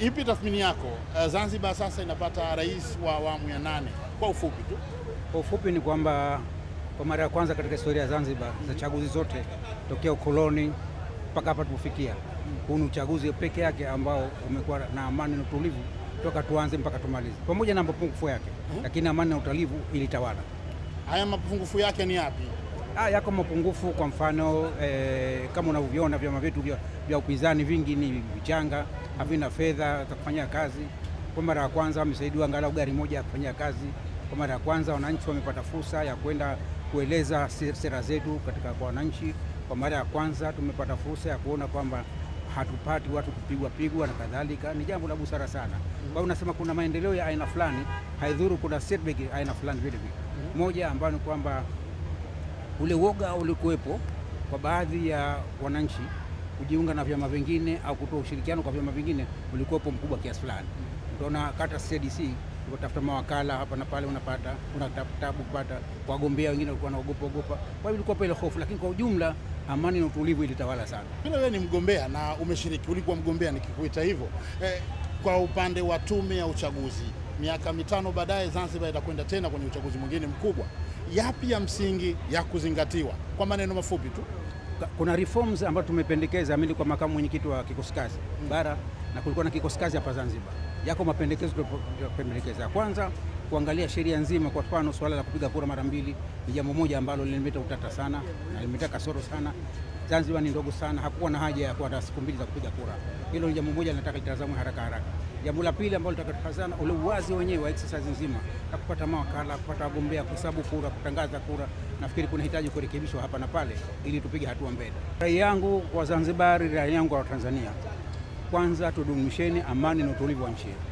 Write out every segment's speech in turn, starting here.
Ipi tathmini yako? Eh, Zanzibar sasa inapata rais wa awamu ya nane, kwa ufupi tu. Kwa ufupi ni kwamba kwa mara ya kwanza katika historia ya Zanzibar za chaguzi zote tokea ukoloni mpaka hapa tumefikia, huu ni uchaguzi peke yake ambao umekuwa na amani na utulivu toka tuanze mpaka tumalize, pamoja na mapungufu yake hmm? lakini amani na utulivu ilitawala. Haya mapungufu yake ni yapi? ah, yako mapungufu. Kwa mfano eh, kama unavyoona vyama vyetu vya upinzani vingi ni vichanga, havina fedha za kufanya kazi. Kwa mara ya kwanza wamesaidiwa angalau gari moja ya kufanya kazi. Kwa mara ya kwanza wananchi wamepata fursa ya kwenda kueleza sera zetu katika kwa wananchi. Kwa mara ya kwanza tumepata fursa ya kuona kwamba hatupati watu kupigwa pigwa na kadhalika. Ni jambo la busara sana. Kwa hiyo unasema kuna maendeleo ya aina fulani, haidhuru kuna setback aina fulani vile vile, moja ambayo ni kwamba Ule woga ulikuwepo kwa baadhi ya wananchi kujiunga na vyama vingine au kutoa ushirikiano kwa vyama vingine ulikuwepo mkubwa kiasi fulani. Utaona kata CDC tafuta mawakala hapa na pale, unapata unatabu kupata wagombea wengine walikuwa wanaogopa ogopa. Kwa hiyo ilikuwa pale hofu, lakini kwa ujumla amani na utulivu ilitawala sana. Kila wewe ni mgombea na umeshiriki, ulikuwa mgombea, nikikuita hivyo eh, kwa upande wa tume ya uchaguzi miaka mitano baadaye Zanzibar itakwenda tena kwenye uchaguzi mwingine mkubwa. Yapi ya msingi ya kuzingatiwa? Kwa maneno mafupi tu, kuna reforms ambazo tumependekeza. Mimi kwa makamu mwenyekiti wa kikosi kazi hmm. bara na kulikuwa na kikosi kazi hapa Zanzibar, yako mapendekezo ya Kwanza kuangalia sheria nzima. Kwa mfano, suala la kupiga kura mara mbili ni jambo moja ambalo limeleta utata sana na limeleta kasoro sana. Zanzibar ni ndogo sana, hakuwa na haja ya kuwa na siku mbili za kupiga kura. Hilo ni jambo moja linataka litazamwe haraka haraka. Jambo la pili ambalo tunataka sana ule uwazi wenyewe wa exercise nzima na kupata mawakala, kupata wagombea, kuhesabu kura, kutangaza kura. Nafikiri kunahitaji kurekebishwa hapa na pale ili tupige hatua mbele. Rai yangu kwa Zanzibari, rai yangu kwa Tanzania, kwanza tudumisheni amani na utulivu wa nchi yetu.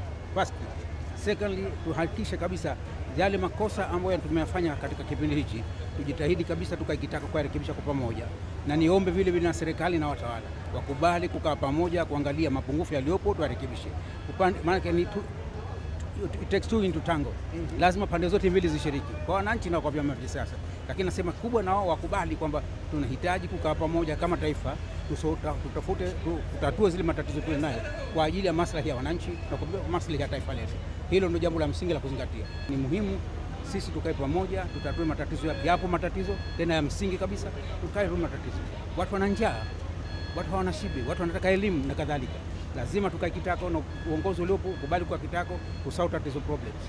Secondly, tuhakikishe kabisa yale makosa ambayo tumeyafanya katika kipindi hichi tujitahidi kabisa tukakitaka kuyarekebisha kwa pamoja, na niombe vile vile na serikali na watawala wakubali kukaa pamoja, kuangalia mapungufu yaliyopo tuyarekebishe, maanake ni it takes two into tango. Mm -hmm. Lazima pande zote mbili zishiriki, kwa wananchi na kwa vyama vya siasa. Lakini nasema kubwa na wao wakubali kwamba tunahitaji kukaa pamoja kama taifa, tutafute tutatue zile matatizo tuliyo nayo kwa ajili ya maslahi ya wananchi na kwa maslahi ya taifa letu. Hilo ndio jambo la msingi la kuzingatia. Ni muhimu sisi tukae pamoja, tutatue matatizo yapi. Yapo matatizo tena ya msingi kabisa, tukae matatizo. Watu wana njaa, watu hawana shibe, watu wanataka elimu na kadhalika lazima tukae kitako na uongozi uliopo ukubali kwa kitako kusahau tatizo problems.